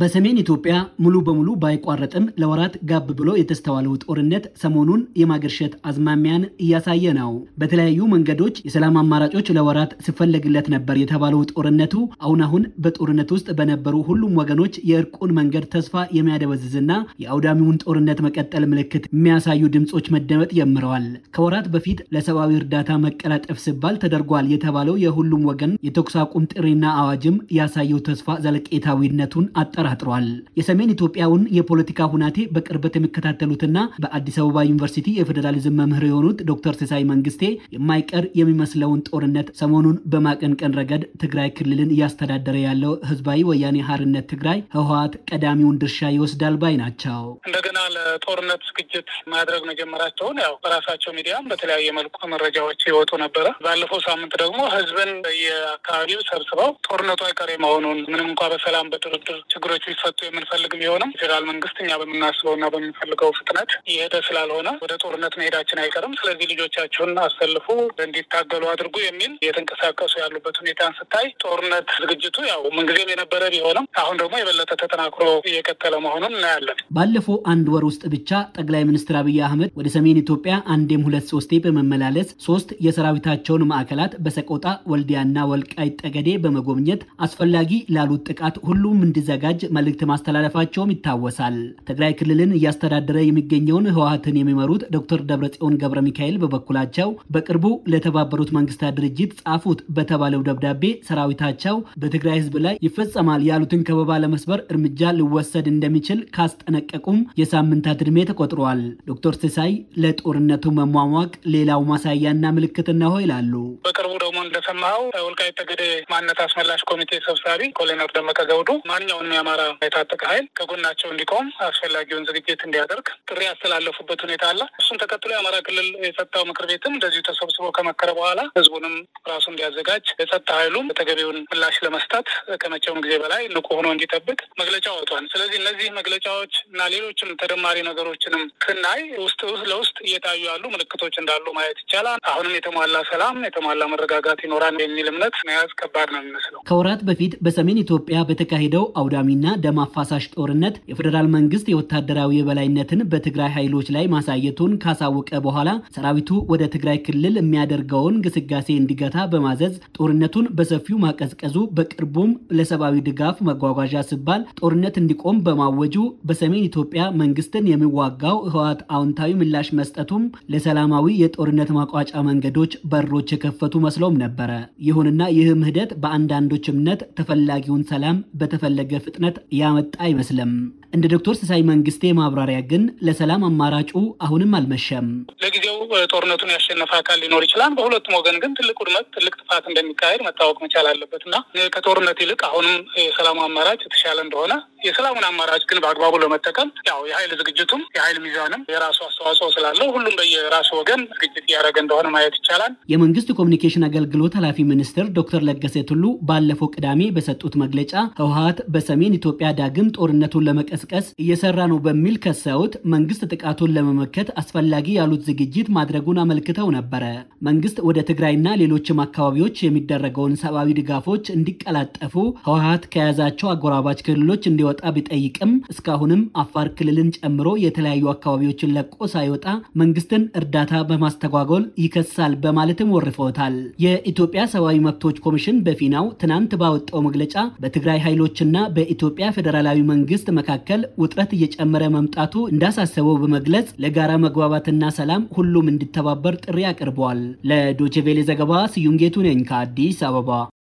በሰሜን ኢትዮጵያ ሙሉ በሙሉ ባይቋረጥም ለወራት ጋብ ብሎ የተስተዋለው ጦርነት ሰሞኑን የማገርሸት አዝማሚያን እያሳየ ነው። በተለያዩ መንገዶች የሰላም አማራጮች ለወራት ሲፈለግለት ነበር የተባለው ጦርነቱ አሁን አሁን በጦርነት ውስጥ በነበሩ ሁሉም ወገኖች የእርቁን መንገድ ተስፋ የሚያደበዝዝና የአውዳሚውን ጦርነት መቀጠል ምልክት የሚያሳዩ ድምፆች መደመጥ ጀምረዋል። ከወራት በፊት ለሰብአዊ እርዳታ መቀላጠፍ ሲባል ተደርጓል የተባለው የሁሉም ወገን የተኩስ አቁም ጥሪና አዋጅም ያሳየው ተስፋ ዘለቄታዊነቱን አጣ ተጠራጥሯል። የሰሜን ኢትዮጵያውን የፖለቲካ ሁናቴ በቅርበት የሚከታተሉትና በአዲስ አበባ ዩኒቨርሲቲ የፌዴራሊዝም መምህር የሆኑት ዶክተር ሲሳይ መንግስቴ የማይቀር የሚመስለውን ጦርነት ሰሞኑን በማቀንቀን ረገድ ትግራይ ክልልን እያስተዳደረ ያለው ህዝባዊ ወያኔ ሀርነት ትግራይ ህወሀት ቀዳሚውን ድርሻ ይወስዳል ባይ ናቸው። እንደገና ለጦርነት ዝግጅት ማድረግ መጀመራቸውን ያው በራሳቸው ሚዲያም በተለያየ መልኩ መረጃዎች ይወጡ ነበረ። ባለፈው ሳምንት ደግሞ ህዝብን የአካባቢው ሰብስበው ጦርነቱ አይቀሬ መሆኑን ምንም እንኳ በሰላም በድርድር ችግሩ ችግሮች ሊፈቱ የምንፈልግ ቢሆንም ፌዴራል መንግስት እኛ በምናስበውና በምንፈልገው ፍጥነት የሄደ ስላልሆነ ወደ ጦርነት መሄዳችን አይቀርም። ስለዚህ ልጆቻችሁን አሰልፉ፣ እንዲታገሉ አድርጉ የሚል እየተንቀሳቀሱ ያሉበት ሁኔታን ስታይ ጦርነት ዝግጅቱ ያው ምንጊዜም የነበረ ቢሆንም አሁን ደግሞ የበለጠ ተጠናክሮ እየቀጠለ መሆኑን እናያለን። ባለፈው አንድ ወር ውስጥ ብቻ ጠቅላይ ሚኒስትር አብይ አህመድ ወደ ሰሜን ኢትዮጵያ አንዴም ሁለት ሶስቴ በመመላለስ ሶስት የሰራዊታቸውን ማዕከላት በሰቆጣ ወልዲያና ወልቃይት ጠገዴ በመጎብኘት አስፈላጊ ላሉት ጥቃት ሁሉም እንዲዘጋጅ አዘጋጅ መልእክት ማስተላለፋቸውም ይታወሳል። ትግራይ ክልልን እያስተዳደረ የሚገኘውን ህወሀትን የሚመሩት ዶክተር ደብረጽዮን ገብረ ሚካኤል በበኩላቸው በቅርቡ ለተባበሩት መንግስታት ድርጅት ጻፉት በተባለው ደብዳቤ ሰራዊታቸው በትግራይ ህዝብ ላይ ይፈጸማል ያሉትን ከበባ ለመስበር እርምጃ ሊወሰድ እንደሚችል ካስጠነቀቁም የሳምንታት ዕድሜ ተቆጥሯል። ዶክተር ሲሳይ ለጦርነቱ መሟሟቅ ሌላው ማሳያና ምልክት ነሆ ይላሉ። በቅርቡ ደግሞ እንደሰማኸው ወልቃይት ጠገዴ ማንነት አስመላሽ ኮሚቴ ሰብሳቢ ኮሎኔል ደመቀ ዘውዱ ማንኛውንም የአማራ የታጠቀ ኃይል ከጎናቸው እንዲቆም አስፈላጊውን ዝግጅት እንዲያደርግ ጥሪ ያስተላለፉበት ሁኔታ አለ። እሱን ተከትሎ የአማራ ክልል የጸጥታው ምክር ቤትም እንደዚሁ ተሰብስቦ ከመከረ በኋላ ህዝቡንም ራሱ እንዲያዘጋጅ የጸጥታ ኃይሉም ተገቢውን ምላሽ ለመስጠት ከመቼውም ጊዜ በላይ ንቁ ሆኖ እንዲጠብቅ መግለጫ ወጥቷል። ስለዚህ እነዚህ መግለጫዎች እና ሌሎችም ተደማሪ ነገሮችንም ስናይ ውስጥ ለውስጥ እየታዩ ያሉ ምልክቶች እንዳሉ ማየት ይቻላል። አሁንም የተሟላ ሰላም የተሟላ መረጋጋት ይኖራል የሚል እምነት መያዝ ከባድ ነው የሚመስለው። ከወራት በፊት በሰሜን ኢትዮጵያ በተካሄደው አውዳሚ አውዳሚና ደም አፋሳሽ ጦርነት የፌዴራል መንግስት የወታደራዊ የበላይነትን በትግራይ ኃይሎች ላይ ማሳየቱን ካሳወቀ በኋላ ሰራዊቱ ወደ ትግራይ ክልል የሚያደርገውን ግስጋሴ እንዲገታ በማዘዝ ጦርነቱን በሰፊው ማቀዝቀዙ፣ በቅርቡም ለሰብአዊ ድጋፍ መጓጓዣ ሲባል ጦርነት እንዲቆም በማወጁ በሰሜን ኢትዮጵያ መንግስትን የሚዋጋው ህወሓት አዎንታዊ ምላሽ መስጠቱም ለሰላማዊ የጦርነት ማቋጫ መንገዶች በሮች የከፈቱ መስሎም ነበረ። ይሁንና ይህም ሂደት በአንዳንዶች እምነት ተፈላጊውን ሰላም በተፈለገ ፍጥነት ውጥረት ያመጣ አይመስልም። እንደ ዶክተር ስሳይ መንግስቴ ማብራሪያ ግን ለሰላም አማራጩ አሁንም አልመሸም። ለጊዜው ጦርነቱን ያሸነፈ አካል ሊኖር ይችላል። በሁለቱም ወገን ግን ትልቅ ውድመት፣ ትልቅ ጥፋት እንደሚካሄድ መታወቅ መቻል አለበት እና ከጦርነት ይልቅ አሁንም የሰላም አማራጭ የተሻለ እንደሆነ የሰላሙን አማራጭ ግን በአግባቡ ለመጠቀም ያው የሀይል ዝግጅቱም የሀይል ሚዛንም የራሱ አስተዋጽኦ ስላለው ሁሉም በየራሱ ወገን ዝግጅት እያደረገ እንደሆነ ማየት ይቻላል። የመንግስት ኮሚኒኬሽን አገልግሎት ኃላፊ ሚኒስትር ዶክተር ለገሰ ቱሉ ባለፈው ቅዳሜ በሰጡት መግለጫ ህወሀት በሰሜን ኢትዮጵያ ዳግም ጦርነቱን ለመቀስቀስ እየሰራ ነው በሚል ከሰውት መንግስት ጥቃቱን ለመመከት አስፈላጊ ያሉት ዝግጅት ማድረጉን አመልክተው ነበረ። መንግስት ወደ ትግራይና ሌሎችም አካባቢዎች የሚደረገውን ሰብአዊ ድጋፎች እንዲቀላጠፉ ህወሀት ከያዛቸው አጎራባች ክልሎች እንዲወ እንዲወጣ ቢጠይቅም እስካሁንም አፋር ክልልን ጨምሮ የተለያዩ አካባቢዎችን ለቆ ሳይወጣ መንግስትን እርዳታ በማስተጓጎል ይከሳል በማለትም ወርፈውታል። የኢትዮጵያ ሰብአዊ መብቶች ኮሚሽን በፊናው ትናንት ባወጣው መግለጫ በትግራይ ኃይሎችና በኢትዮጵያ ፌዴራላዊ መንግስት መካከል ውጥረት እየጨመረ መምጣቱ እንዳሳሰበው በመግለጽ ለጋራ መግባባትና ሰላም ሁሉም እንዲተባበር ጥሪ አቅርበዋል። ለዶቼ ቬሌ ዘገባ ስዩም ጌቱ ነኝ ከአዲስ አበባ።